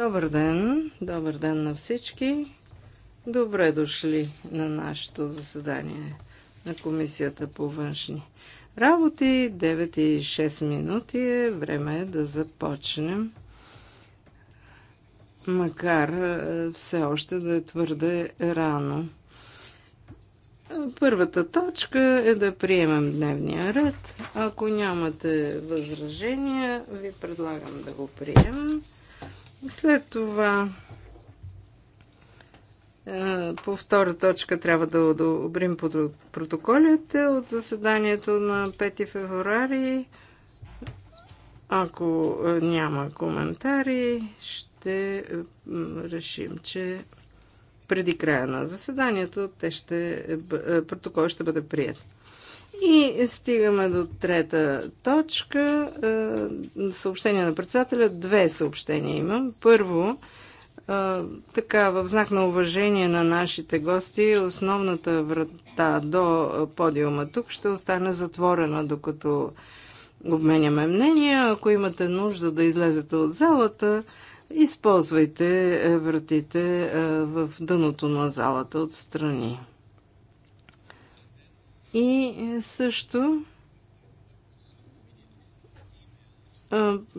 Добър ден! Добър ден на всички! Добре дошли на нашето заседание на Комисията по външни работи. 9 и 6 минути е. Време е да започнем. Макар е, все още да е твърде рано. Първата точка е да приемем дневния ред. Ако нямате възражения, ви предлагам да го приемем. След това по втора точка трябва да одобрим протоколите от заседанието на 5 февруари. Ако няма коментари, ще решим, че преди края на заседанието те ще, протокол ще бъде прият. И стигаме до трета точка. Е, съобщение на председателя. Две съобщения имам. Първо, е, така, в знак на уважение на нашите гости, основната врата до подиума тук ще остане затворена, докато обменяме мнения. Ако имате нужда да излезете от залата, използвайте вратите е, в дъното на залата отстрани. И е, също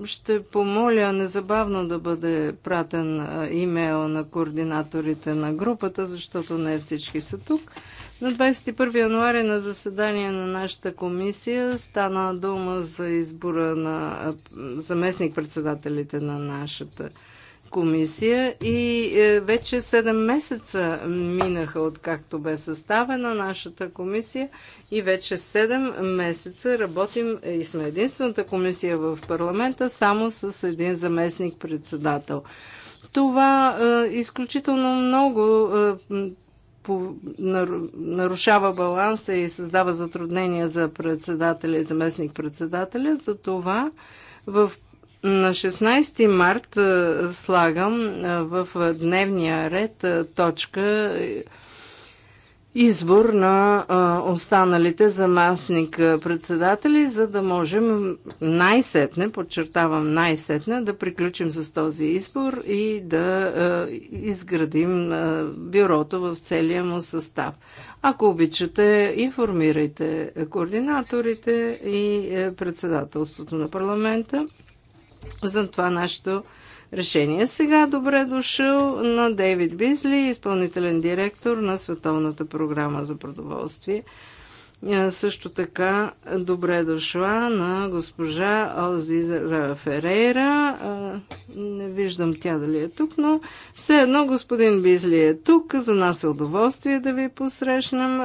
ще помоля незабавно да бъде пратен имейл на координаторите на групата, защото не всички са тук. На 21 януари на заседание на нашата комисия стана дума за избора на заместник-председателите на нашата комисия комисия и е, вече 7 месеца минаха от както бе съставена нашата комисия и вече 7 месеца работим и сме единствената комисия в парламента само с един заместник председател. Това е, изключително много е, по, нарушава баланса и създава затруднения за председателя и заместник председателя. За това в на 16 март слагам в дневния ред точка избор на останалите заместник председатели, за да можем най-сетне, подчертавам най-сетне, да приключим с този избор и да изградим бюрото в целия му състав. Ако обичате, информирайте координаторите и е, председателството на парламента за това нашето решение. Сега добре дошъл на Дейвид Бизли, изпълнителен директор на Световната програма за продоволствие. Също така, добре дошла на госпожа Алзиза Ферейра. Не виждам тя дали е тук, но все едно господин Бизли е тук. За нас е удоволствие да ви посрещнем.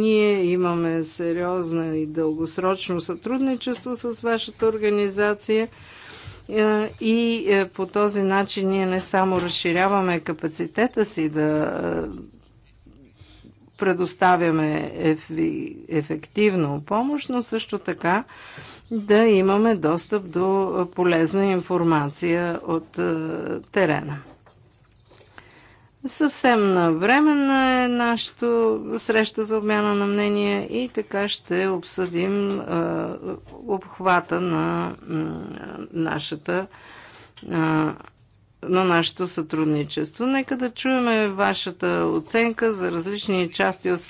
Ние имаме сериозно и дългосрочно сътрудничество с вашата организация. И по този начин ние не само разширяваме капацитета си да предоставяме еф... ефективно помощ, но също така да имаме достъп до полезна информация от е, терена. Съвсем навременна е нашето среща за обмяна на мнения и така ще обсъдим е, обхвата на нашата е, на нашето сътрудничество. Нека да чуем вашата оценка за различни части от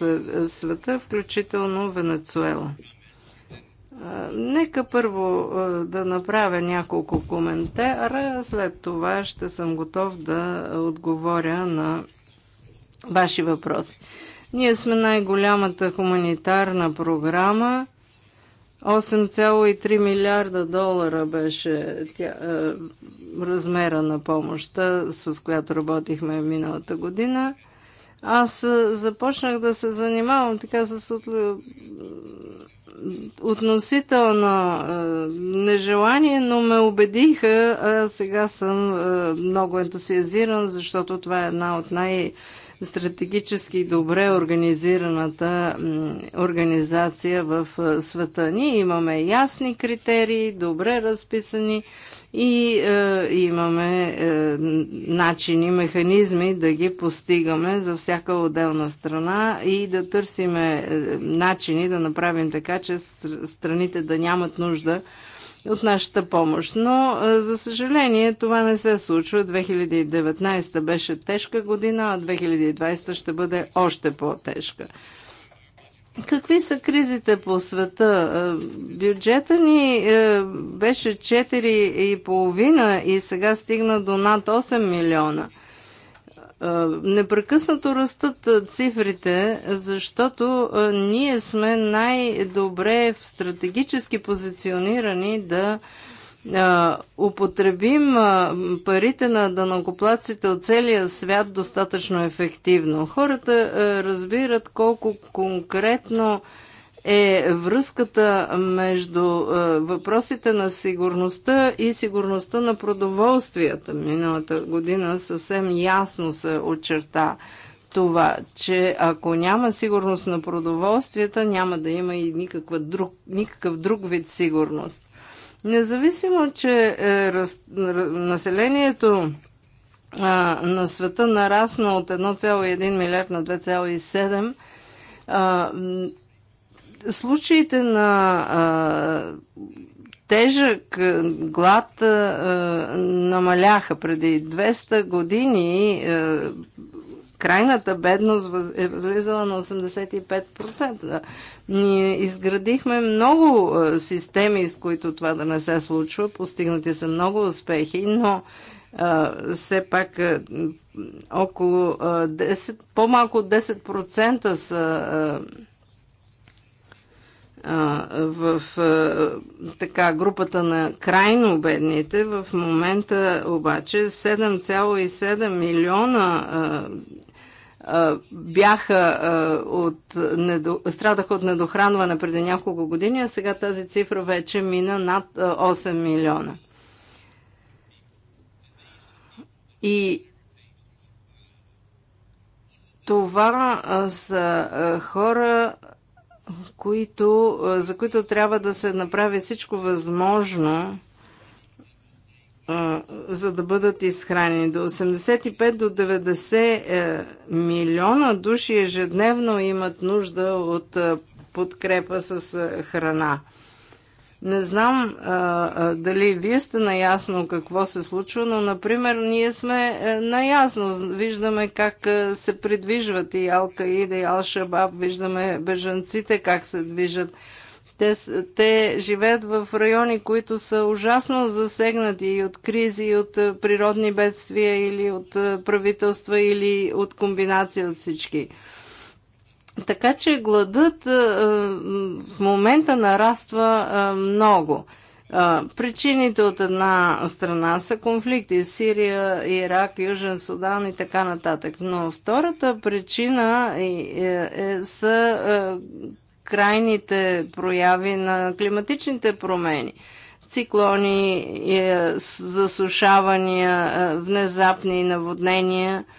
света, включително Венецуела. Нека първо да направя няколко коментара, след това ще съм готов да отговоря на ваши въпроси. Ние сме най-голямата хуманитарна програма. 8,3 милиарда долара беше тя, размера на помощта, с която работихме миналата година. Аз започнах да се занимавам така с от... относително нежелание, но ме убедиха. А сега съм много ентусиазиран, защото това е една от най- стратегически добре организираната организация в света. Ние имаме ясни критерии, добре разписани и е, имаме е, начини, механизми да ги постигаме за всяка отделна страна и да търсиме е, начини да направим така, че страните да нямат нужда от нашата помощ. Но, е, за съжаление, това не се случва. 2019 беше тежка година, а 2020 ще бъде още по-тежка. Какви са кризите по света? Е, бюджета ни е, беше 4,5 и сега стигна до над 8 милиона. Е, непрекъснато растат цифрите, защото ние сме най-добре в стратегически позиционирани да употребим парите на данокоплаците от целия свят достатъчно ефективно. Хората разбират колко конкретно е връзката между въпросите на сигурността и сигурността на продоволствията. Миналата година съвсем ясно се очерта това, че ако няма сигурност на продоволствията, няма да има и никаква друг, никакъв друг вид сигурност. Независимо, че е, раз, населението на света нарасна от 1,1 милиард на 2,7, случаите на тежък е, глад е, намаляха преди 200 години крайната бедност е възлизала на 85%. Ние изградихме много е, системи, с които това да не се случва. Постигнати са много успехи, но а, е, все пак а, е, около 10, по-малко от 10% са в така групата на крайно бедните. В момента обаче 7,7 милиона бяха от, недо, страдаха от недохранване преди няколко години, а сега тази цифра вече мина над 8 милиона. И това са хора, които, за които трябва да се направи всичко възможно, за да бъдат изхранени. До 85 до 90 е, милиона души ежедневно имат нужда от е, подкрепа с е, храна. Не знам а, а, дали вие сте наясно какво се случва, но, например, ние сме а, наясно. Виждаме как а, се придвижват и Алкаида, и Ал-Шабаб, виждаме бежанците как се движат. А, те, те живеят в райони, които са ужасно засегнати и от кризи, и от е, природни бедствия, или от е, правителства, или от комбинация от всички. Така че гладът е, в момента нараства много. Причините от една страна са конфликти Сирия, Ирак, Южен Судан и така нататък. Но втората причина е, е, са крайните прояви на климатичните промени. Циклони, е, засушавания, е, внезапни наводнения –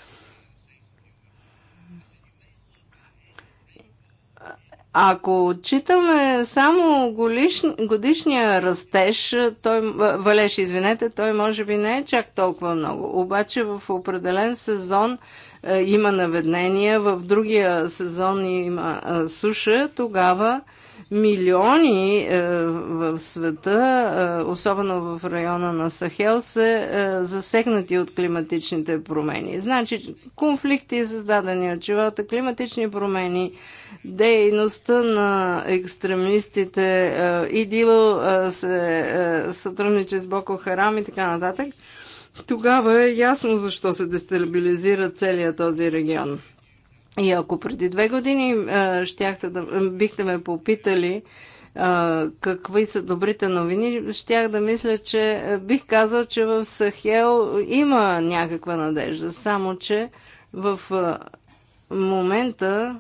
Ако отчитаме само годишния растеж, той, Валеш, извинете, той може би не е чак толкова много. Обаче в определен сезон е, има наведнения, в другия сезон има е, суша, тогава е, милиони е, в света, е, особено в района на Сахел, са е, засегнати от климатичните промени. Значи, конфликти създадени от живота, климатични промени, дейността на екстремистите, идило се сътрудничи с Боко Харам и така нататък, тогава е ясно защо се дестабилизира целият този регион. И ако преди две години щяхте да, бихте ме попитали а, какви са добрите новини, щях да мисля, че бих казал, че в Сахел има някаква надежда. Само, че в а, момента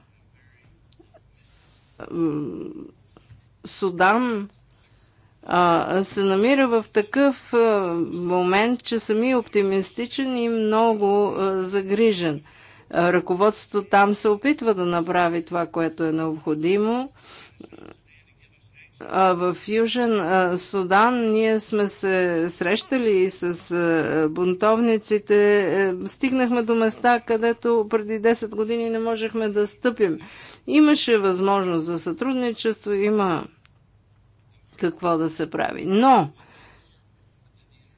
Судан се намира в такъв момент, че сами оптимистичен и много загрижен. Ръководството там се опитва да направи това, което е необходимо. В Южен Судан ние сме се срещали и с бунтовниците. Е, стигнахме до места, където преди 10 години не можехме да стъпим. Имаше възможност за сътрудничество, има какво да се прави. Но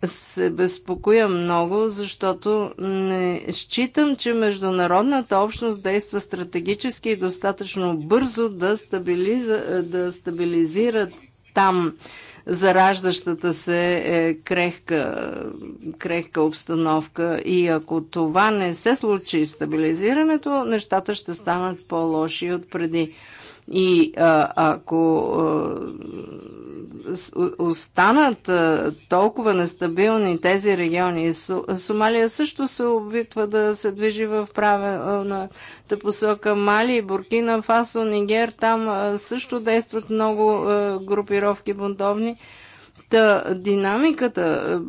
се безпокоя много, защото не считам, че международната общност действа стратегически и достатъчно бързо да, стабилиза, да стабилизира там зараждащата се е крехка, крехка обстановка и ако това не се случи стабилизирането, нещата ще станат по-лоши от преди. И а, ако а, останат а, толкова нестабилни тези региони, Сомалия също се обитва да се движи в правилната посока. Мали, Буркина, Фасо, Нигер, там а, също действат много а, групировки бунтовни. Та динамиката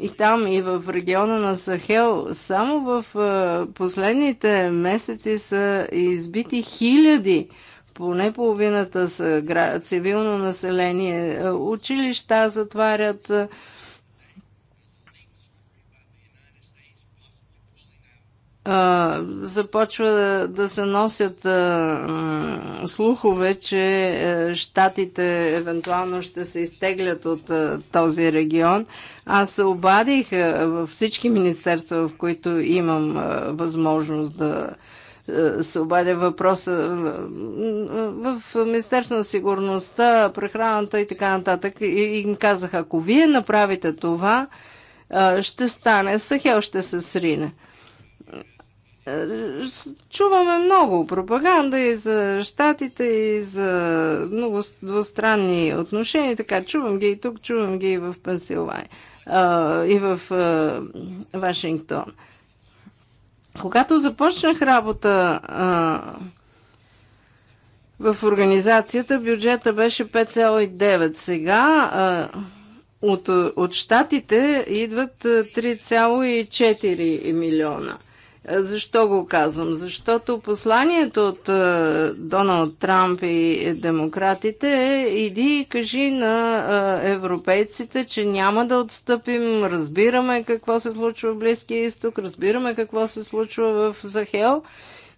и там, и в региона на Сахел, само в последните месеци са избити хиляди поне половината са цивилно население. Е, училища затварят. Е. започва да се носят е, слухове, че щатите евентуално ще се изтеглят от този регион. Аз се обадих във всички министерства, в които имам възможност да е, се обадя въпроса е, в Министерство на сигурността, прехраната и така нататък. И им казах, ако вие направите това, е, ще стане, Сахел ще се срине. Чуваме много пропаганда и за щатите, и за много двустранни отношения. Така, чувам ги и тук, чувам ги и в Пенсилвания, и в Вашингтон. Когато започнах работа а, в организацията, бюджета беше 5,9. Сега а, от, от щатите идват 3,4 милиона. Защо го казвам? Защото посланието от е, Доналд Трамп и демократите е иди и кажи на е, европейците, че няма да отстъпим, разбираме какво се случва в Близкия изток, разбираме какво се случва в Захел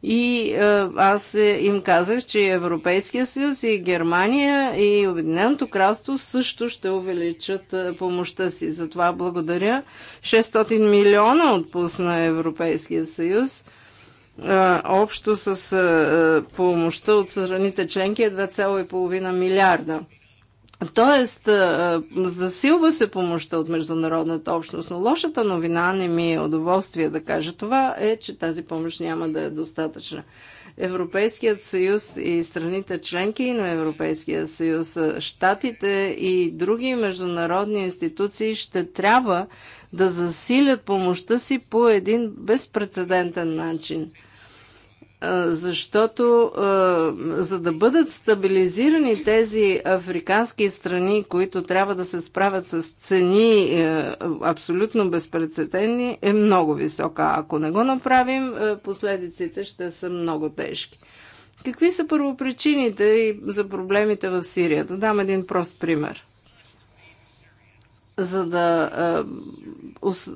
и е, аз е, им казах, че Европейския съюз и Германия и Обединеното кралство също ще увеличат е, помощта си. Затова благодаря. 600 милиона отпусна Европейския съюз. Общо с помощта от страните членки е 2,5 милиарда. Тоест, засилва се помощта от международната общност, но лошата новина не ми е удоволствие да кажа това, е, че тази помощ няма да е достатъчна. Европейският съюз и страните членки на Европейския съюз, щатите и други международни институции ще трябва да засилят помощта си по един безпредседентен начин – защото за да бъдат стабилизирани тези африкански страни, които трябва да се справят с цени е, абсолютно безпредседени, е много висока. Ако не го направим, е, последиците ще са много тежки. Какви са първопричините за проблемите в Сирия? Да дам един прост пример за да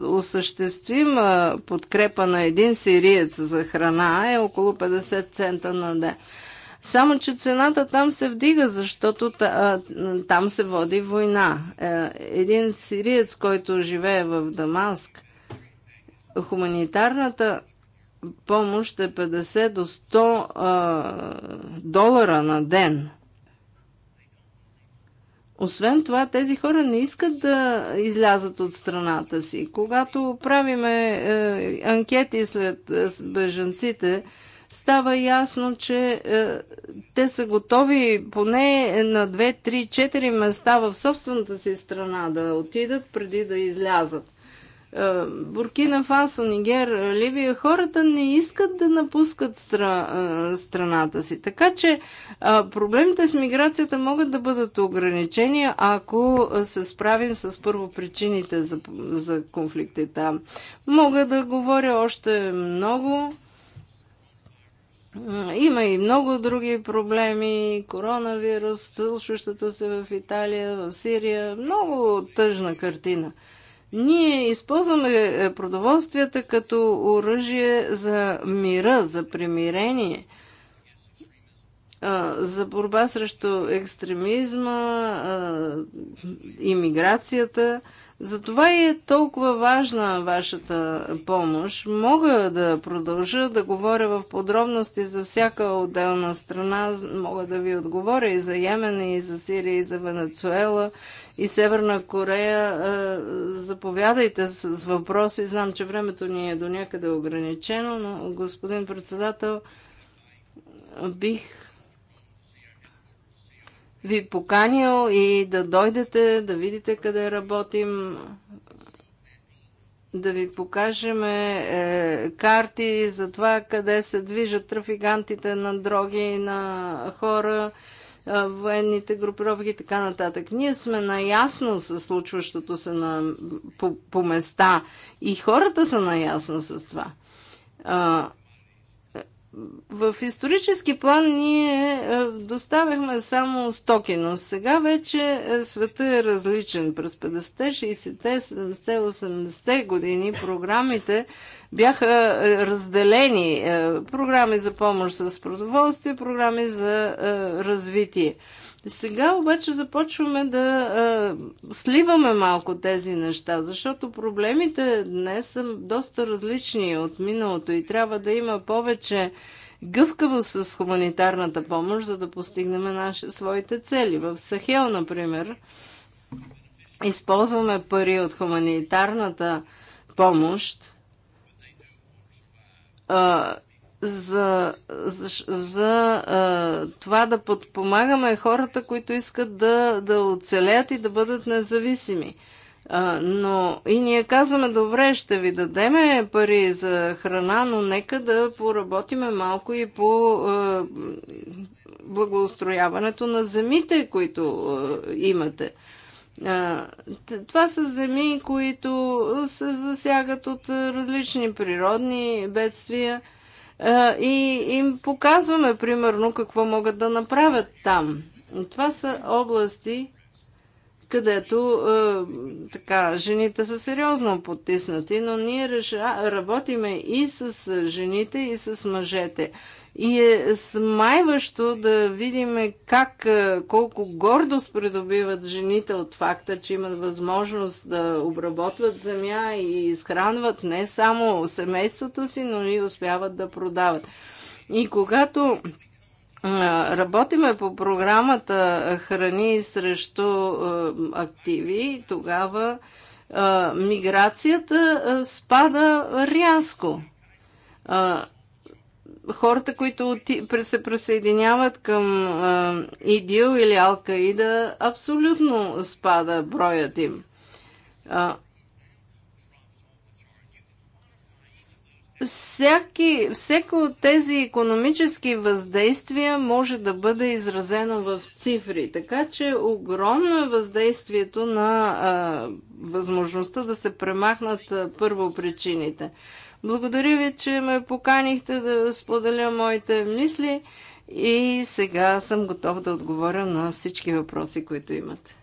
осъществим подкрепа на един сириец за храна е около 50 цента на ден. Само, че цената там се вдига, защото там се води война. Е, един сириец, който живее в Дамаск, хуманитарната помощ е 50 до 100 долара на ден – освен това, тези хора не искат да излязат от страната си. Когато правиме е, анкети след е, бежанците, става ясно, че е, те са готови поне на 2, 3, 4 места в собствената си страна да отидат преди да излязат. Е, Буркина Фасо, Нигер, Ливия, хората не искат да напускат стра, е, страната си. Така че е, проблемите с миграцията могат да бъдат ограничени, ако се справим с първопричините за, за конфликти там. Мога да говоря още много. Има и много други проблеми. Коронавирус, случващото се в Италия, в Сирия. Много тъжна картина. Ние използваме е, продоволствията като оръжие за мира, за примирение, за борба срещу екстремизма, иммиграцията. Затова е толкова важна вашата помощ. Мога да продължа да говоря в подробности за всяка отделна страна. Мога да ви отговоря и за Йемен, и за Сирия, и за Венецуела – и Северна Корея, е, заповядайте с, въпроси. Знам, че времето ни е до някъде ограничено, но господин председател, бих ви поканил и да дойдете, да видите къде работим, да ви покажем е, карти за това къде се движат трафигантите на дроги и на хора военните групировки и така нататък. Ние сме наясно с случващото се на, по, по места и хората са наясно с това. А, в исторически план ние е, доставяхме само стоки, но сега вече е, света е различен. През 50-те, 60-те, 70-те, 80-те години програмите бяха е, разделени е, програми за помощ с продоволствие, програми за е, развитие. Сега обаче започваме да сливаме малко тези неща, защото проблемите днес са доста различни от миналото и трябва да има повече гъвкавост с хуманитарната помощ, за да постигнем наши, своите цели. В Сахел, например, използваме пари от хуманитарната помощ за, за, за а, това да подпомагаме хората, които искат да, да оцелят и да бъдат независими. А, но и ние казваме, добре, ще ви дадеме пари за храна, но нека да поработиме малко и по а, благоустрояването на земите, които а, имате. Това са земи, които се засягат от различни природни бедствия и им показваме примерно какво могат да направят там. Това са области, където така, жените са сериозно потиснати, но ние работиме и с жените, и с мъжете. И е смайващо да видим как, е, колко гордост придобиват жените от факта, че имат възможност да обработват земя и изхранват не само семейството си, но и успяват да продават. И когато Работиме по програмата Храни срещу активи. Тогава миграцията спада рязко хората, които се присъединяват към ИДИЛ или Алкаида, абсолютно спада броят им. Всяки, всеко от тези економически въздействия може да бъде изразено в цифри, така че огромно е въздействието на а, възможността да се премахнат а, първо причините. Благодаря ви, че ме поканихте да споделя моите мисли и сега съм готов да отговоря на всички въпроси, които имате.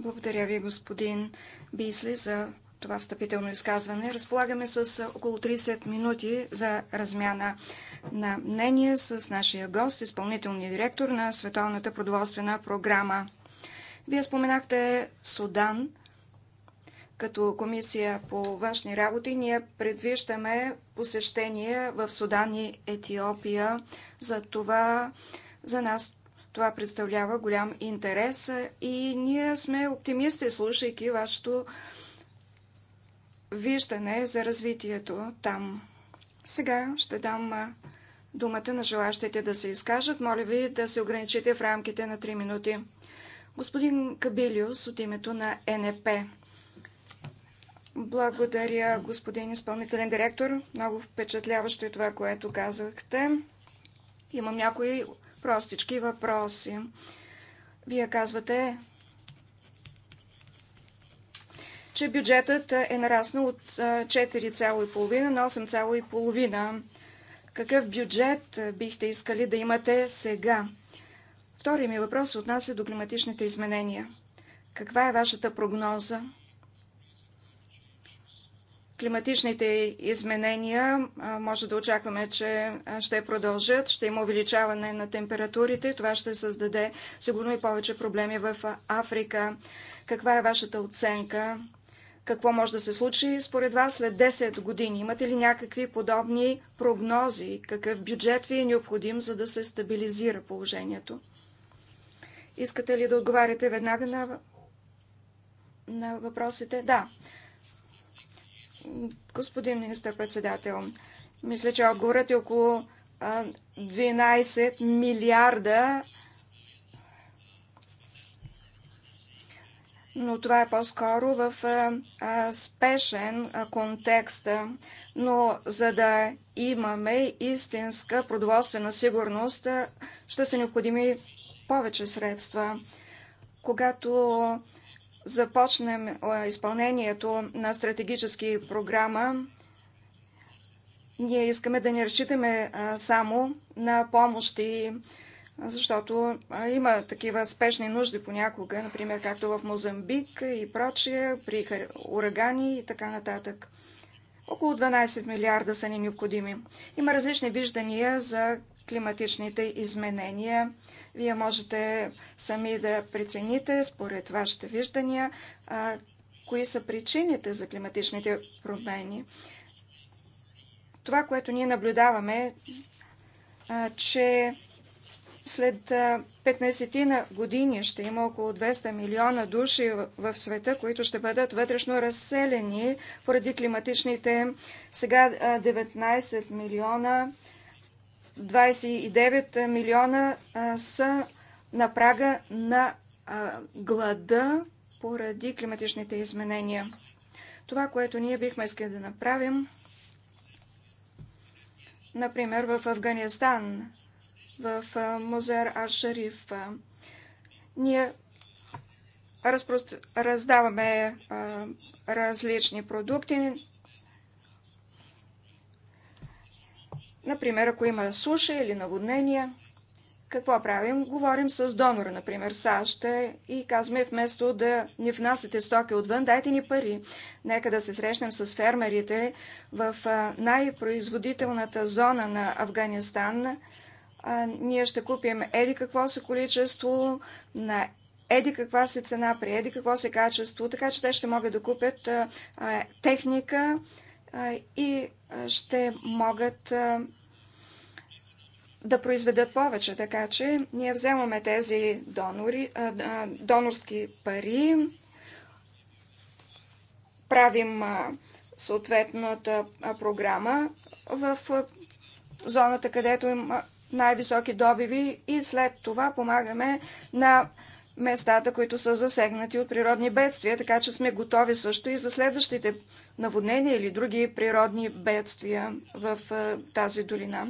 Благодаря ви, господин Бисли, за това встъпително изказване. Разполагаме с около 30 минути за размяна на мнение с нашия гост, изпълнителния директор на Световната продоволствена програма. Вие споменахте Судан. Като комисия по външни работи ние предвиждаме посещение в Судан и Етиопия. За това за нас това представлява голям интерес и ние сме оптимисти, слушайки вашето виждане за развитието там. Сега ще дам думата на желащите да се изкажат. Моля ви да се ограничите в рамките на 3 минути. Господин Кабилиус от името на НП. Благодаря, господин изпълнителен директор. Много впечатляващо е това, което казахте. Имам някои простички въпроси. Вие казвате, че бюджетът е нараснал от 4,5 на 8,5. Какъв бюджет бихте искали да имате сега? Втория ми въпрос се отнася до климатичните изменения. Каква е вашата прогноза? Климатичните изменения може да очакваме, че ще продължат, ще има увеличаване на температурите. Това ще създаде сигурно и повече проблеми в Африка. Каква е вашата оценка? Какво може да се случи според вас след 10 години? Имате ли някакви подобни прогнози? Какъв бюджет ви е необходим, за да се стабилизира положението? Искате ли да отговаряте веднага на, на въпросите? Да. Господин министър-председател, мисля, че отговорът е около 12 милиарда но това е по-скоро в спешен контекст. Но за да имаме истинска продоволствена сигурност, ще са необходими повече средства. Когато започнем изпълнението на стратегически програма, ние искаме да не разчитаме само на помощи защото има такива спешни нужди понякога, например както в Мозамбик и прочие, при урагани и така нататък. Около 12 милиарда са ни необходими. Има различни виждания за климатичните изменения. Вие можете сами да прецените, според вашите виждания, а, кои са причините за климатичните промени. Това, което ние наблюдаваме, а, че след 15 на години ще има около 200 милиона души в света, които ще бъдат вътрешно разселени поради климатичните сега 19 милиона, 29 милиона са на прага на глада поради климатичните изменения. Това, което ние бихме искали да направим, например в Афганистан, в мозер Ар-Шариф. Ние раздаваме различни продукти. Например, ако има суша или наводнения, какво правим? Говорим с донора, например, САЩ, и казваме, вместо да ни внасяте стоки отвън, дайте ни пари. Нека да се срещнем с фермерите в най-производителната зона на Афганистан, а, ние ще купим еди какво се количество на еди каква се цена, при еди какво се качество, така че те ще могат да купят а, а, техника а, и а, ще могат а, да произведат повече. Така че ние вземаме тези донори, а, а, донорски пари, правим а, съответната а, програма в а, зоната, където има най-високи добиви и след това помагаме на местата, които са засегнати от природни бедствия, така че сме готови също и за следващите наводнения или други природни бедствия в е, тази долина.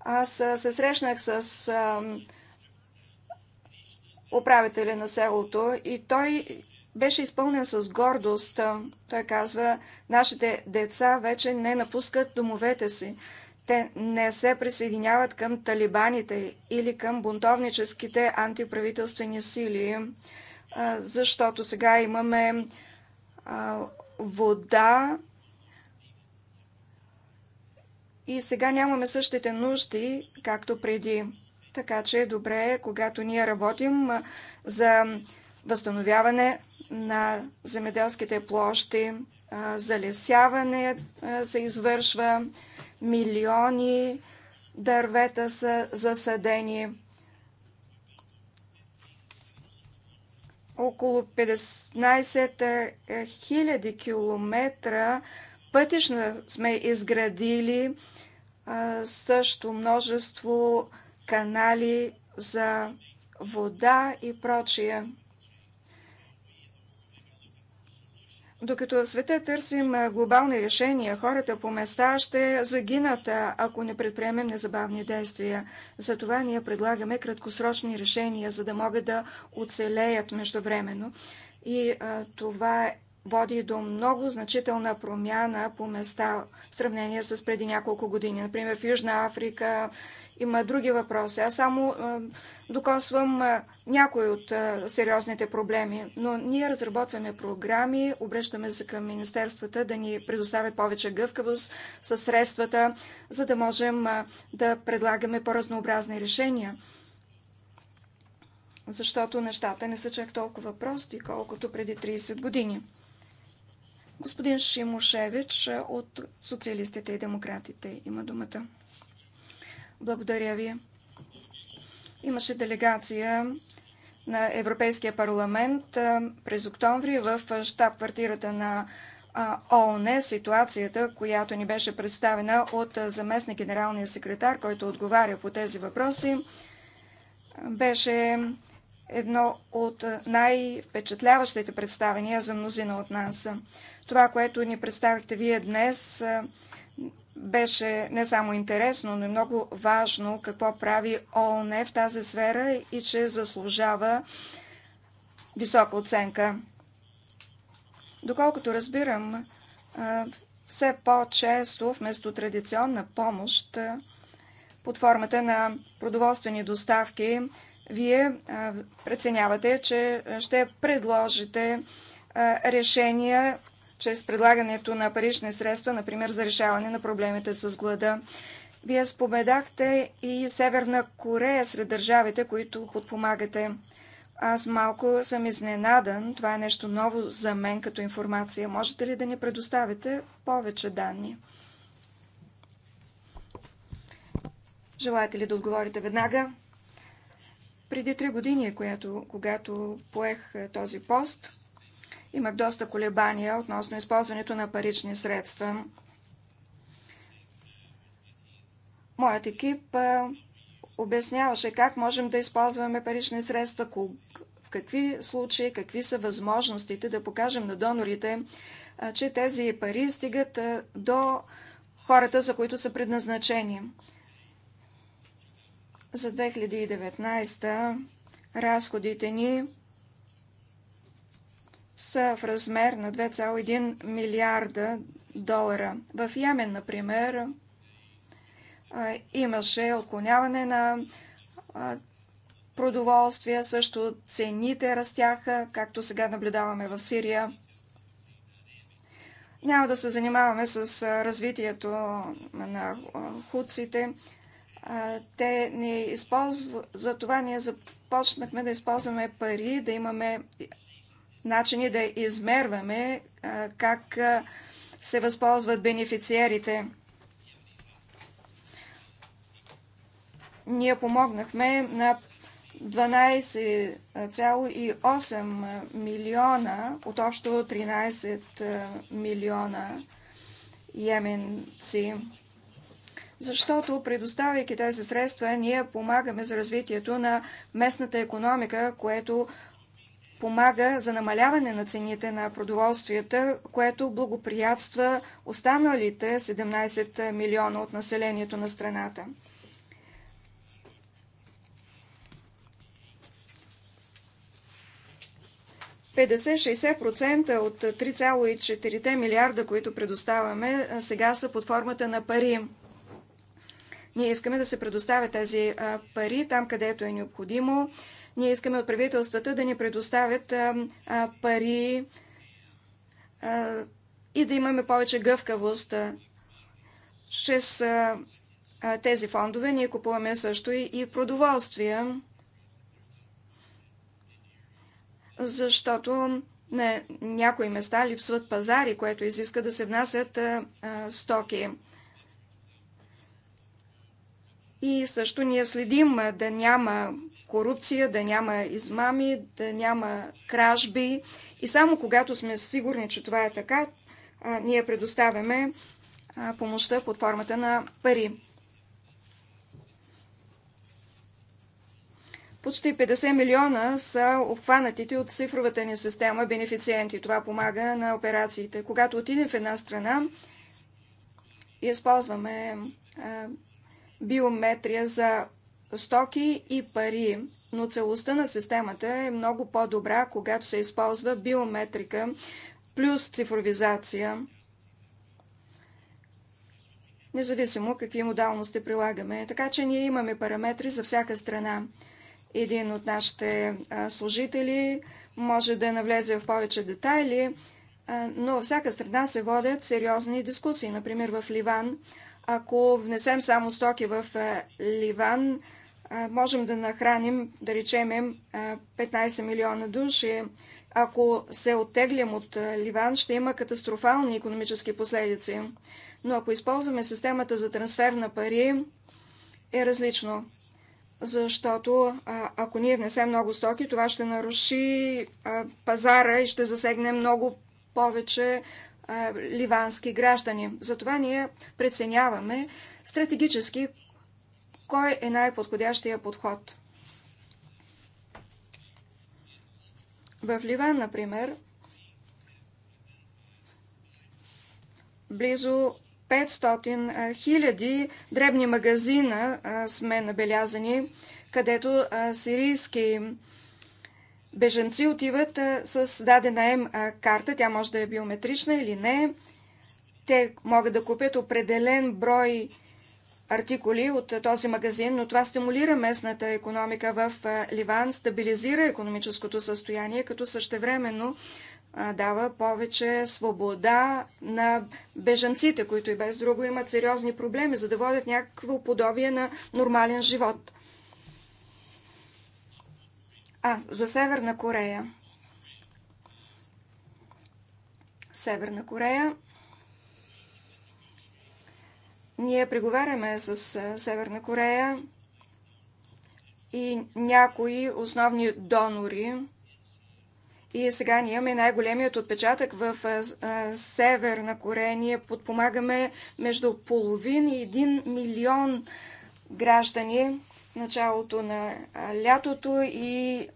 Аз е, се срещнах с е, управителя на селото и той беше изпълнен с гордост. Той казва, нашите деца вече не напускат домовете си те не се присъединяват към талибаните или към бунтовническите антиправителствени сили, защото сега имаме вода и сега нямаме същите нужди, както преди. Така че е добре, когато ние работим за възстановяване на земеделските площи, залесяване се извършва, милиони дървета са засадени. Около 15 000 е, е, километра пътища сме изградили също множество канали за вода и прочие. Докато в света търсим глобални решения, хората по места ще загинат, ако не предприемем незабавни действия. Затова ние предлагаме краткосрочни решения, за да могат да оцелеят междувременно. И а, това води до много значителна промяна по места в сравнение с преди няколко години. Например, в Южна Африка, има други въпроси. Аз само е, докосвам е, някои от е, сериозните проблеми, но ние разработваме програми, обръщаме се към министерствата да ни предоставят повече гъвкавост със средствата, за да можем да предлагаме по-разнообразни решения. Защото нещата не са чак толкова прости, колкото преди 30 години. Господин Шимошевич от Социалистите и Демократите има думата. Благодаря ви. Имаше делегация на Европейския парламент през октомври в щаб-квартирата на ООН ситуацията, която ни беше представена от заместник генералния секретар, който отговаря по тези въпроси, беше едно от най-впечатляващите представения за мнозина от нас. Това, което ни представихте вие днес, беше не само интересно, но и много важно какво прави ООН в тази сфера и че заслужава висока оценка. Доколкото разбирам, все по-често вместо традиционна помощ под формата на продоволствени доставки, вие преценявате, че ще предложите решения чрез предлагането на парични средства, например за решаване на проблемите с глада. Вие споменахте и Северна Корея сред държавите, които подпомагате. Аз малко съм изненадан. Това е нещо ново за мен като информация. Можете ли да ни предоставите повече данни? Желаете ли да отговорите веднага? Преди три години, която, когато поех този пост, Имах доста колебания относно използването на парични средства. Моят екип обясняваше как можем да използваме парични средства, в какви случаи, какви са възможностите да покажем на донорите, че тези пари стигат до хората, за които са предназначени. За 2019 разходите ни са в размер на 2,1 милиарда долара. В Йемен, например, имаше отклоняване на продоволствия, също цените растяха, както сега наблюдаваме в Сирия. Няма да се занимаваме с развитието на худците, Те ни използват, за това ние започнахме да използваме пари, да имаме начини да измерваме как се възползват бенефициерите. Ние помогнахме на 12,8 милиона от общо 13 милиона йеменци. Защото предоставяйки тези средства, ние помагаме за развитието на местната економика, което помага за намаляване на цените на продоволствията, което благоприятства останалите 17 милиона от населението на страната. процента от 3,4 милиарда, които предоставяме, сега са под формата на пари. Ние искаме да се предоставят тези пари там, където е необходимо ние искаме от правителствата да ни предоставят а, а, пари а, и да имаме повече гъвкавост. Чрез а, а, тези фондове ние купуваме също и, и продоволствия, защото на някои места липсват пазари, което изиска да се внасят а, а, стоки. И също ние следим да няма корупция, да няма измами, да няма кражби. И само когато сме сигурни, че това е така, ние предоставяме помощта под формата на пари. Почти 50 милиона са обхванатите от цифровата ни система бенефициенти. Това помага на операциите. Когато отидем в една страна и използваме биометрия за стоки и пари, но целостта на системата е много по-добра, когато се използва биометрика плюс цифровизация, независимо какви модалности прилагаме. Така че ние имаме параметри за всяка страна. Един от нашите служители може да навлезе в повече детайли, но във всяка страна се водят сериозни дискусии. Например, в Ливан, ако внесем само стоки в Ливан, можем да нахраним, да речем, 15 е, милиона души. Ако се оттеглим от Ливан, ще има катастрофални економически последици. Но ако използваме системата за трансфер на пари, е различно. Защото ако ние внесем много стоки, това ще наруши пазара и ще засегне много повече ливански граждани. Затова ние преценяваме стратегически кой е най-подходящия подход? В Ливан, например, близо 500 хиляди дребни магазина сме набелязани, където сирийски беженци отиват с дадена им карта, тя може да е биометрична или не. Те могат да купят определен брой артикули от този магазин, но това стимулира местната економика в Ливан, стабилизира економическото състояние, като същевременно дава повече свобода на бежанците, които и без друго имат сериозни проблеми, за да водят някакво подобие на нормален живот. А, за Северна Корея. Северна Корея ние преговаряме с е, Северна Корея и някои основни донори. И сега ние имаме най-големият отпечатък в е, е, Северна Корея. Ние подпомагаме между половин и един милион граждани в началото на лятото и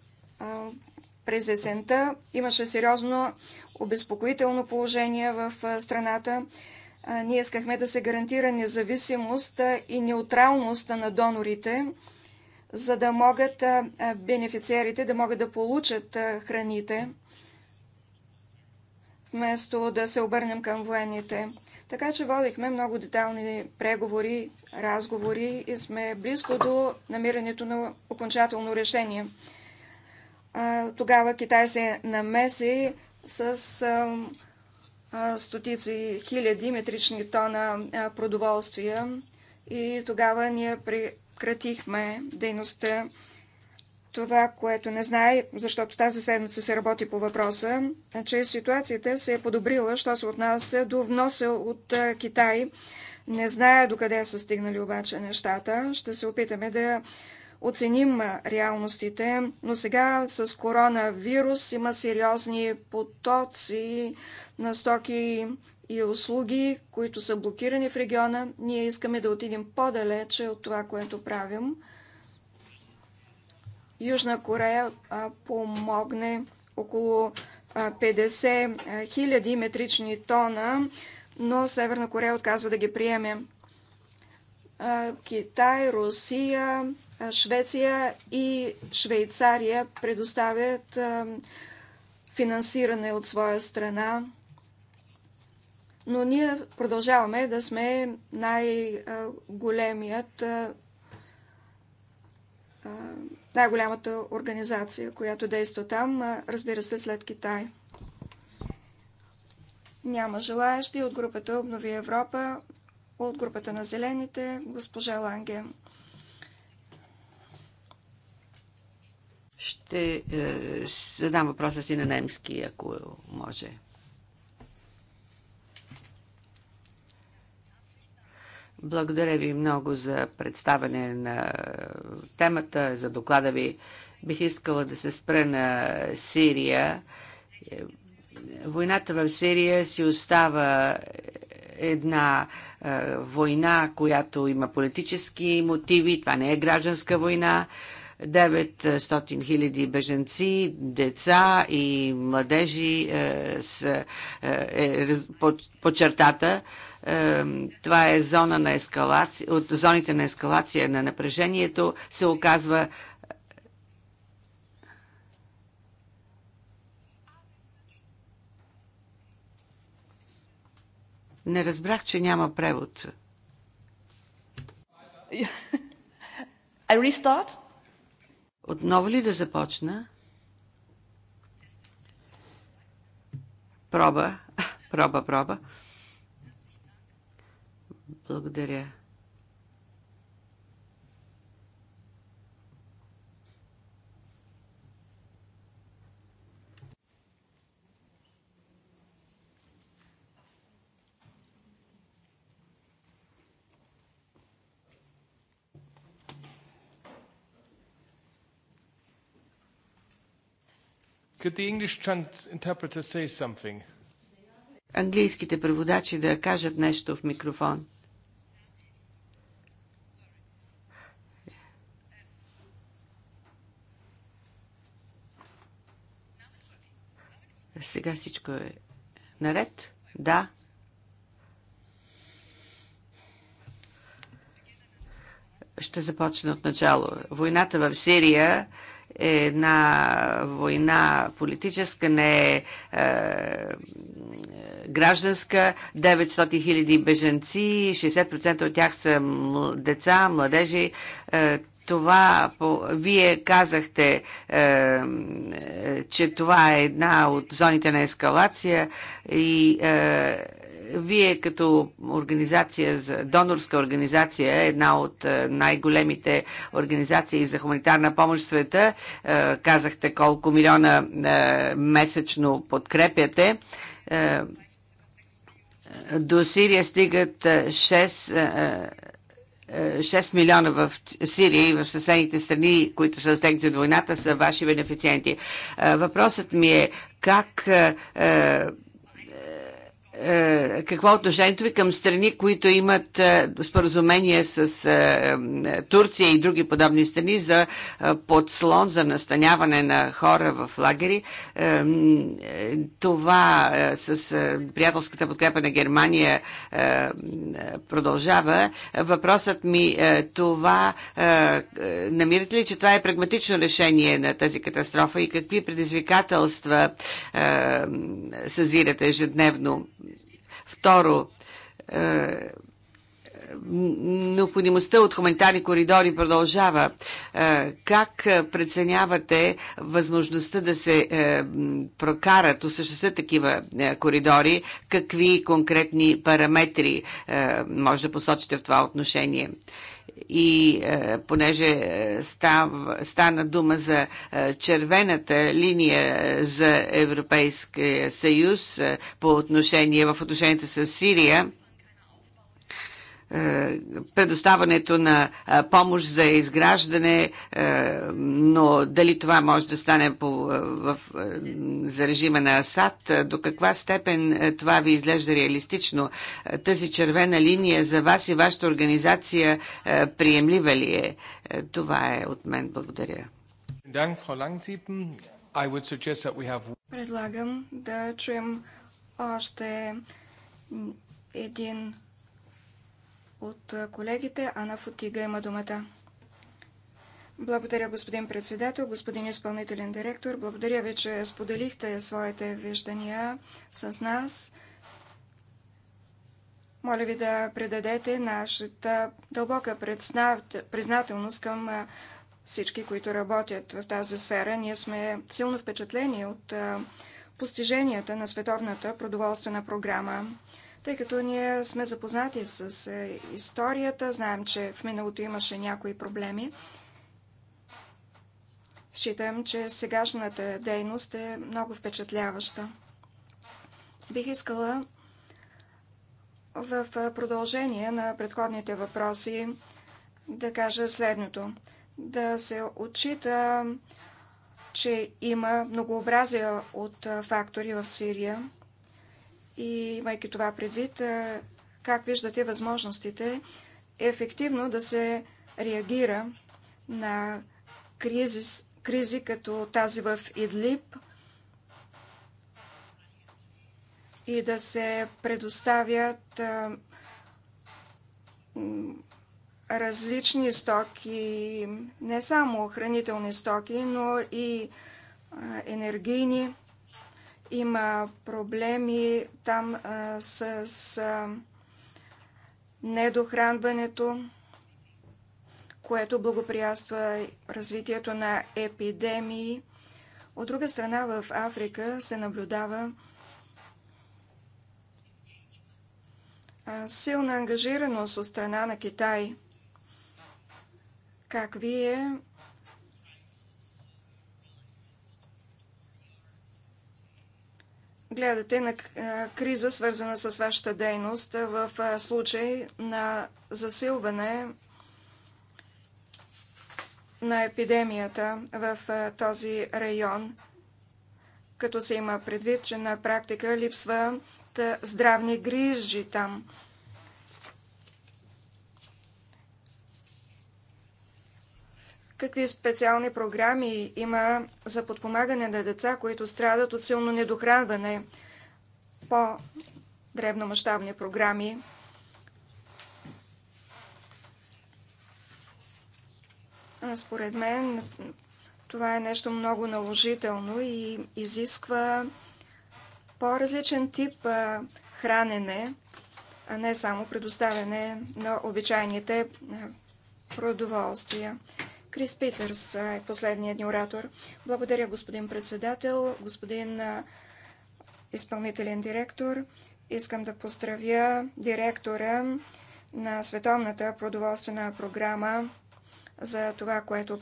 през есента. Имаше сериозно обезпокоително положение в страната. Ние искахме да се гарантира независимост и неутралност на донорите, за да могат бенефициерите да могат да получат храните, вместо да се обърнем към военните. Така че водихме много детални преговори, разговори и сме близко до намирането на окончателно решение. Тогава Китай се намеси с стотици хиляди метрични тона продоволствия и тогава ние прекратихме дейността. Това, което не знае, защото тази седмица се работи по въпроса, е, че ситуацията се е подобрила, що се отнася до вноса от Китай. Не знае докъде са стигнали обаче нещата. Ще се опитаме да оценим реалностите, но сега с коронавирус има сериозни потоци на стоки и услуги, които са блокирани в региона. Ние искаме да отидем по-далече от това, което правим. Южна Корея помогне около 50 хиляди метрични тона, но Северна Корея отказва да ги приеме. Китай, Русия, Швеция и Швейцария предоставят финансиране от своя страна, но ние продължаваме да сме най-големият най-голямата организация, която действа там, разбира се, след Китай. Няма желаящи от групата Обнови Европа, от групата на Зелените, госпожа Ланге. Ще е, задам въпроса си на немски, ако може. Благодаря ви много за представяне на темата, за доклада ви. Бих искала да се спра на Сирия. Войната в Сирия си остава една е, война, която има политически мотиви. Това не е гражданска война. Е, 900 хиляди беженци, деца и младежи е, с, е, е, чертата. Е, това е зона на ескалация, от зоните на ескалация на напрежението се оказва Не разбрах, че няма превод. I restart? Отново ли да започна? Проба, проба, проба. Благодаря. Could the English interpreter say something? Английските преводачи да кажат нещо в микрофон. Сега всичко е наред? Да. Ще започна от начало. Войната в Сирия е една война политическа, не е, е гражданска. 900 хиляди беженци, 60% от тях са деца, младежи. Е, това, по, вие казахте, е, е, че това е една от зоните на ескалация и е, вие като организация, за, донорска организация, една от е, най-големите организации за хуманитарна помощ в света, е, казахте колко милиона е, месечно подкрепяте. До Сирия стигат 6 6 милиона в Сирия и в съседните страни, които са засегнати от войната, са ваши бенефициенти. Въпросът ми е как какво е отношението ви към страни, които имат е, споразумение с е, Турция и други подобни страни за е, подслон, за настаняване на хора в лагери. Това с приятелската подкрепа на Германия продължава. Въпросът ми това, намирате ли, че това е прагматично решение на тази катастрофа и какви предизвикателства съзирате ежедневно? Второ, е, необходимостта от хуманитарни коридори продължава. Е, как преценявате възможността да се е, прокарат, осъществят такива коридори? Какви конкретни параметри може да посочите в това отношение? и е, понеже е, став, стана дума за е, червената линия за Европейския съюз по отношение, в отношенията с Сирия, е, предоставането на е, помощ за изграждане, е, но дали това може да стане по, в, за режима на Асад, до каква степен това ви изглежда реалистично? Тази червена линия за вас и вашата организация приемлива ли е? Това е от мен. Благодаря. Предлагам да чуем още един от колегите. Ана Футига има думата. Благодаря, господин председател, господин изпълнителен директор. Благодаря ви, че споделихте своите виждания с нас. Моля ви да предадете нашата дълбока признателност към всички, които работят в тази сфера. Ние сме силно впечатлени от постиженията на Световната продоволствена програма. Тъй като ние сме запознати с е, историята, знаем, че в миналото имаше някои проблеми. Считам, че сегашната дейност е много впечатляваща. Бих искала в е, продължение на предходните въпроси да кажа следното. Да се отчита, че има многообразие от е, фактори в Сирия. И имайки това предвид, как виждате възможностите ефективно да се реагира на кризи, кризи като тази в Идлиб и да се предоставят различни стоки, не само хранителни стоки, но и енергийни има проблеми там а, с, с недохранването, което благоприятства развитието на епидемии. От друга страна, в Африка се наблюдава силна ангажираност от страна на Китай. Как вие гледате на криза, свързана с вашата дейност в случай на засилване на епидемията в този район, като се има предвид, че на практика липсват здравни грижи там. Какви специални програми има за подпомагане на деца, които страдат от силно недохранване? По-дребномащабни програми. Според мен това е нещо много наложително и изисква по-различен тип хранене, а не само предоставяне на обичайните продоволствия. Крис Питърс е последният ни оратор. Благодаря, господин председател, господин изпълнителен директор. Искам да поздравя директора на Световната продоволствена програма за това, което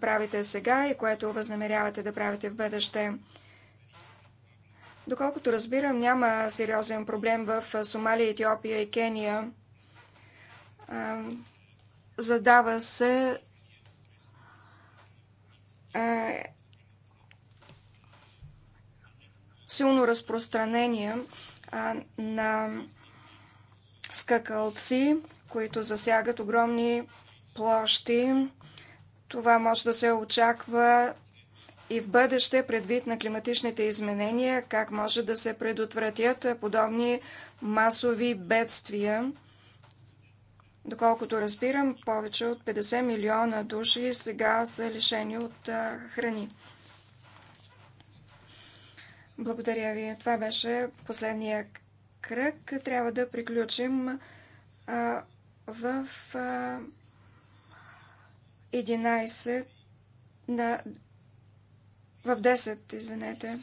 правите сега и което възнамерявате да правите в бъдеще. Доколкото разбирам, няма сериозен проблем в Сомалия, Етиопия и Кения. Задава се е, силно разпространение е, на скакалци, които засягат огромни площи. Това може да се очаква и в бъдеще, предвид на климатичните изменения, как може да се предотвратят подобни масови бедствия. Доколкото разбирам, повече от 50 милиона души сега са лишени от храни. Благодаря ви. Това беше последния кръг. Трябва да приключим в 11 на... в 10, извинете,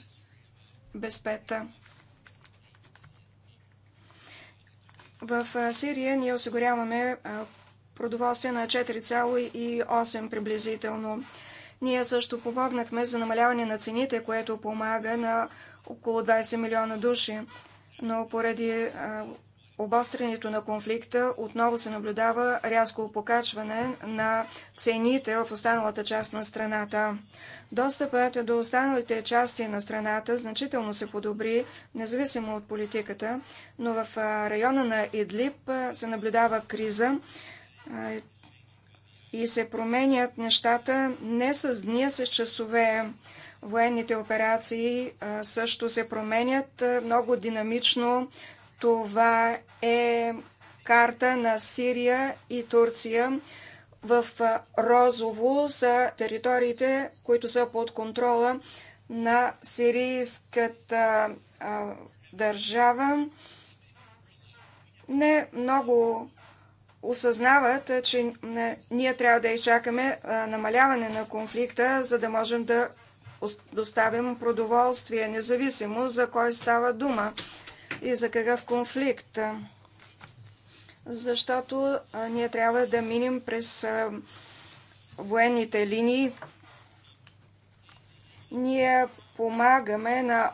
без 5. В Сирия ние осигуряваме продоволствие на 4,8 приблизително. Ние също помогнахме за намаляване на цените, което помага на около 20 милиона души. Но поради обострянето на конфликта отново се наблюдава рязко покачване на цените в останалата част на страната. Достъпът до останалите части на страната значително се подобри, независимо от политиката, но в района на Идлиб се наблюдава криза и се променят нещата не с дни, а с часове. Военните операции също се променят много динамично, това е карта на Сирия и Турция. В Розово са териториите, които са под контрола на сирийската а, държава. Не много осъзнават, че ние трябва да изчакаме намаляване на конфликта, за да можем да доставим продоволствие, независимо за кой става дума и за какъв конфликт. Защото ние трябва да минем през военните линии. Ние помагаме на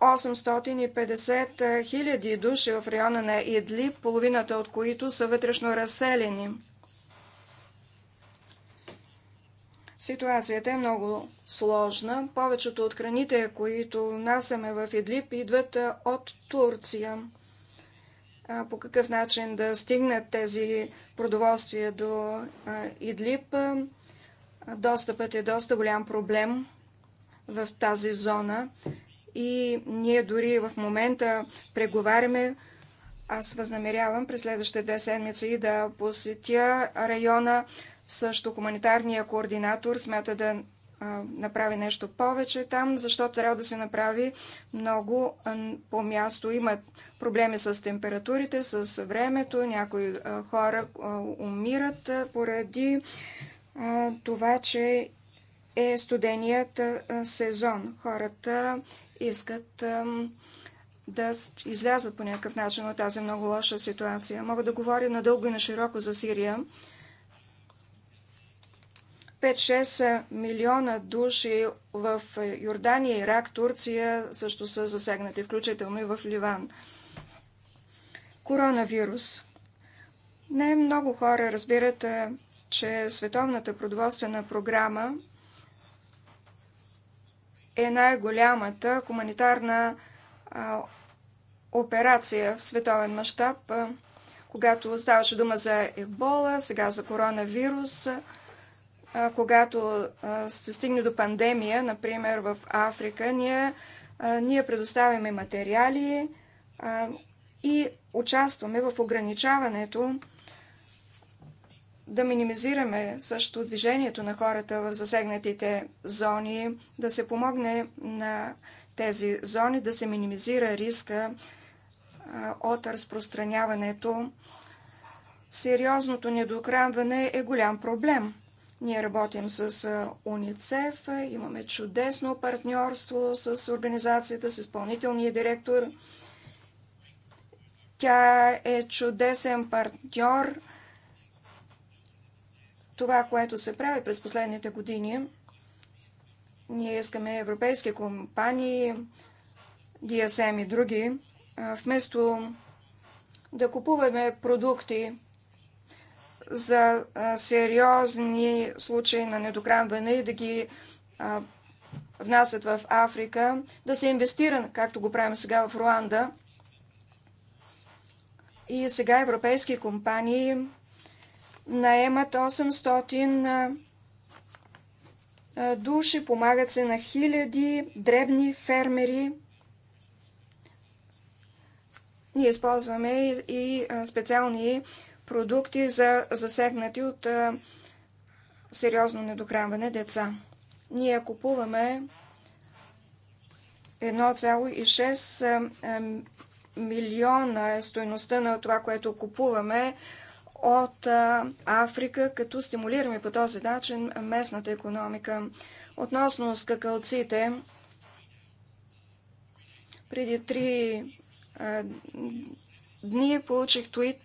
850 хиляди души в района на Идли, половината от които са вътрешно разселени. Ситуацията е много сложна. Повечето от храните, които насаме в Идлип, идват от Турция. По какъв начин да стигнат тези продоволствия до Идлип, Достъпът е доста голям проблем в тази зона и ние дори в момента преговаряме. Аз възнамерявам през следващите две седмици да посетя района също хуманитарния координатор смята да направи нещо повече там, защото трябва да се направи много по място. Имат проблеми с температурите, с времето, някои хора умират поради това, че е студеният сезон. Хората искат да излязат по някакъв начин от тази много лоша ситуация. Мога да говоря надълго и на широко за Сирия. 5-6 милиона души в Йордания, Ирак, Турция също са засегнати, включително и в Ливан. Коронавирус. Не много хора разбират, е, че Световната продоволствена програма е най-голямата хуманитарна операция в световен мащаб, е, когато ставаше дума за ебола, сега за коронавирус когато се стигне до пандемия, например в Африка, ние, ние предоставяме материали и участваме в ограничаването да минимизираме също движението на хората в засегнатите зони, да се помогне на тези зони да се минимизира риска от разпространяването. Сериозното недохранване е голям проблем. Ние работим с УНИЦЕФ, имаме чудесно партньорство с организацията, с изпълнителния директор. Тя е чудесен партньор. Това, което се прави през последните години, ние искаме европейски компании, DSM и други, вместо да купуваме продукти, за сериозни случаи на недограбване и да ги внасят в Африка, да се инвестира, както го правим сега в Руанда. И сега европейски компании наемат 800 души, помагат се на хиляди дребни фермери. Ние използваме и специални продукти за засегнати от сериозно недохранване деца. Ние купуваме 1,6 милиона е стоеността на това, което купуваме от Африка, като стимулираме по този начин местната економика. Относно скакалците, преди три дни получих твит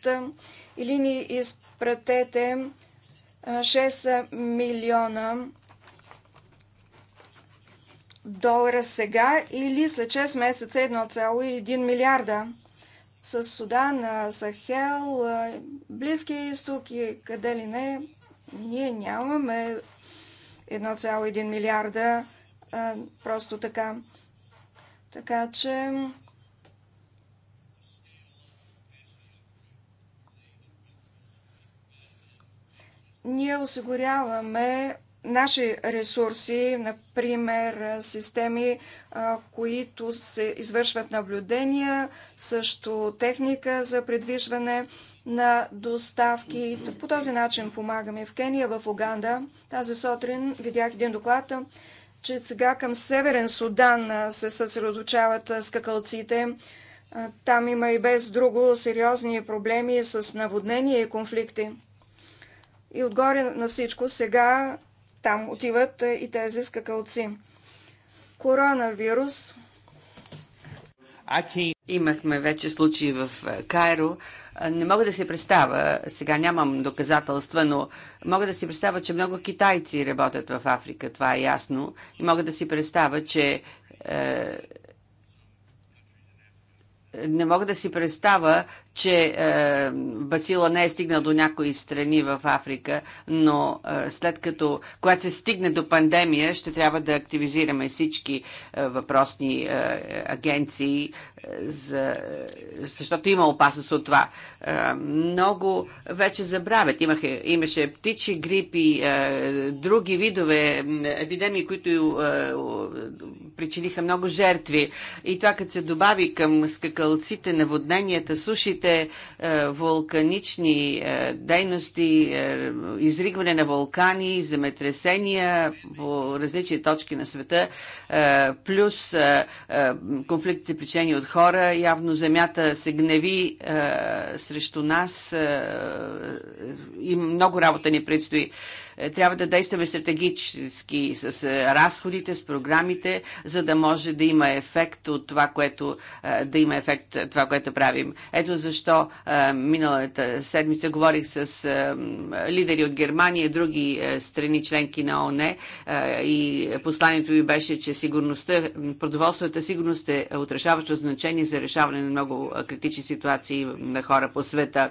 или ни изпратете 6 милиона долара сега или след 6 месеца 1,1 милиарда с Судан, Сахел, Близкия изток и къде ли не, ние нямаме 1,1 милиарда просто така. Така че Ние осигуряваме наши ресурси, например системи, които се извършват наблюдения, също техника за предвижване на доставки. По този начин помагаме в Кения, в Уганда. Тази сутрин видях един доклад, че сега към Северен Судан се съсредоточават скакалците. Там има и без друго сериозни проблеми с наводнения и конфликти. И отгоре на всичко сега там отиват е, и тези скакалци. Коронавирус. Имахме вече случаи в е, Кайро. Не мога да си представя, сега нямам доказателства, но мога да си представя, че много китайци работят в Африка, това е ясно. И мога да си представя, че е, не мога да си представя че е, бацила не е стигнал до някои страни в Африка, но е, след като, когато се стигне до пандемия, ще трябва да активизираме всички е, въпросни е, агенции, е, за... защото има опасност от това. Е, много вече забравят. Имаше, имаше птичи грипи, е, други видове епидемии, които причиниха много жертви. И това, като се добави към скакалците, наводненията, сушите, различните е, вулканични е, дейности, е, изригване на вулкани, земетресения по различни точки на света, плюс конфликтите причини от хора. Явно земята се гневи срещу нас и много работа ни предстои. Е, трябва да действаме стратегически с е, разходите, с програмите, за да може да има ефект от това, което е, да има ефект това, което правим. Ето защо миналата седмица говорих с лидери от Германия и други страни членки на ОНЕ и посланието ми беше, че сигурността, продоволствата сигурност е от решаващо значение за решаване на много критични ситуации на хора по света.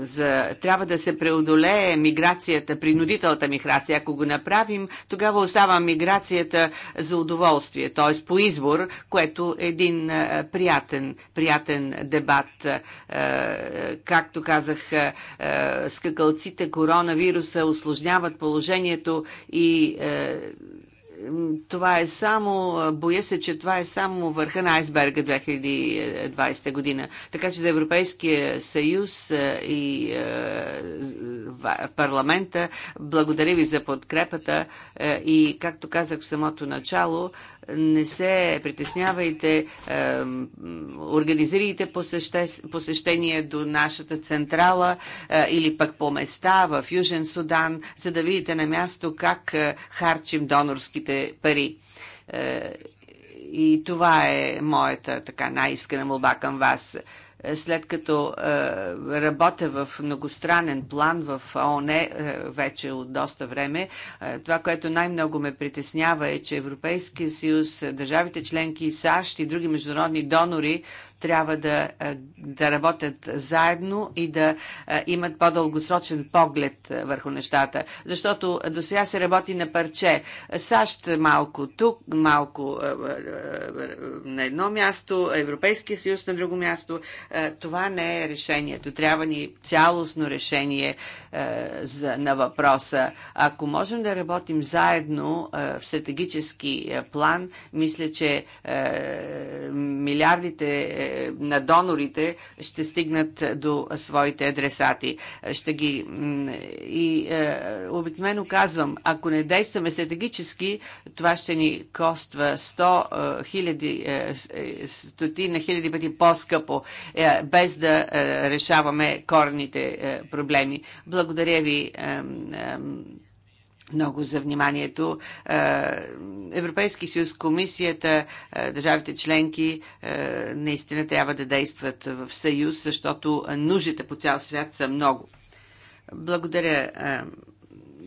За, трябва да се преодолее миграцията при принудителната миграция. Ако го направим, тогава остава миграцията за удоволствие, т.е. по избор, което е един е, приятен, приятен дебат. Е, както казах, е, скакалците коронавируса осложняват положението и това е само, боя се, че това е само върха на айсберга 2020 година. Така че за Европейския съюз и парламента благодаря ви за подкрепата и, както казах в самото начало, не се притеснявайте, организирайте посещение до нашата централа е, или пък по места в Южен Судан, за да видите на място как е, харчим донорските пари. Е, и това е моята така най-искрена молба към вас. Е, след като е, работя в многостранен план в ООН е, вече от доста време, е, това, което най-много ме притеснява е, че Европейския съюз, е, държавите членки, САЩ и други международни донори трябва да, да работят заедно и да имат по-дългосрочен поглед върху нещата. Защото до сега се работи на парче. САЩ малко тук, малко на едно място, Европейския съюз на друго място. Това не е решението. Трябва ни цялостно решение на въпроса. Ако можем да работим заедно в стратегически план, мисля, че милиардите на донорите ще стигнат до своите адресати. Ще ги... И е, обикновено казвам, ако не действаме стратегически, това ще ни коства 100 е, хиляди, е, стотина хиляди пъти по-скъпо, без да решаваме корените проблеми. Благодаря ви много за вниманието. Е, Европейски съюз, комисията, е, държавите членки е, наистина трябва да действат в съюз, защото нуждите по цял свят са много. Благодаря.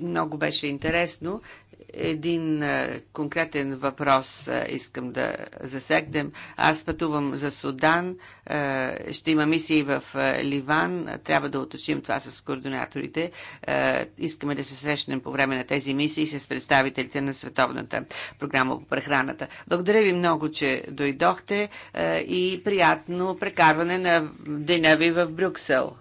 Много беше интересно. Един конкретен въпрос искам да засегнем. Аз пътувам за Судан, ще има мисии в Ливан, трябва да уточним това с координаторите. Искаме да се срещнем по време на тези мисии с представителите на Световната програма по прехраната. Благодаря ви много, че дойдохте и приятно прекарване на деня ви в Брюксел.